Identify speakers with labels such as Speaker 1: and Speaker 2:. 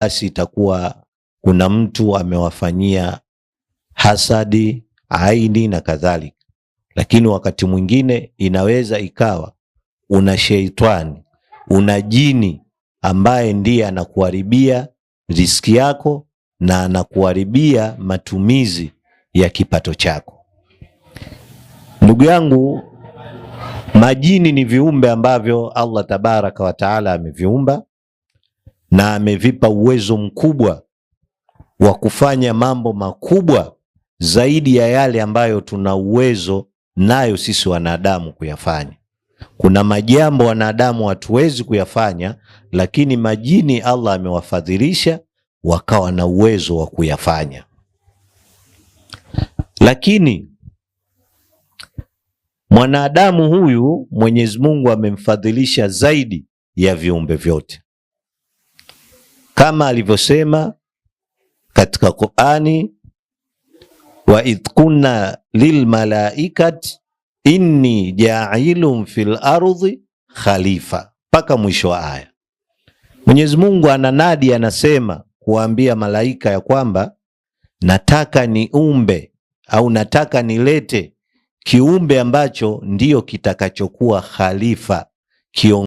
Speaker 1: basi itakuwa kuna mtu amewafanyia hasadi, aini na kadhalika. Lakini wakati mwingine inaweza ikawa una sheitani, una jini ambaye ndiye anakuharibia riski yako na anakuharibia matumizi ya kipato chako. Ndugu yangu, majini ni viumbe ambavyo Allah tabaraka wa taala ameviumba na amevipa uwezo mkubwa wa kufanya mambo makubwa zaidi ya yale ambayo tuna uwezo nayo sisi wanadamu kuyafanya. Kuna majambo wanadamu hatuwezi kuyafanya, lakini majini Allah amewafadhilisha wakawa na uwezo wa kuyafanya. Lakini mwanadamu huyu Mwenyezi Mungu amemfadhilisha zaidi ya viumbe vyote kama alivyosema katika Qur'ani, wa idh kunna lilmalaikati inni jailun fil ardhi khalifa, mpaka mwisho wa aya. Mwenyezi Mungu ananadi, anasema kuambia malaika ya kwamba nataka niumbe au nataka nilete kiumbe ambacho ndiyo kitakachokuwa khalifa kiongozi.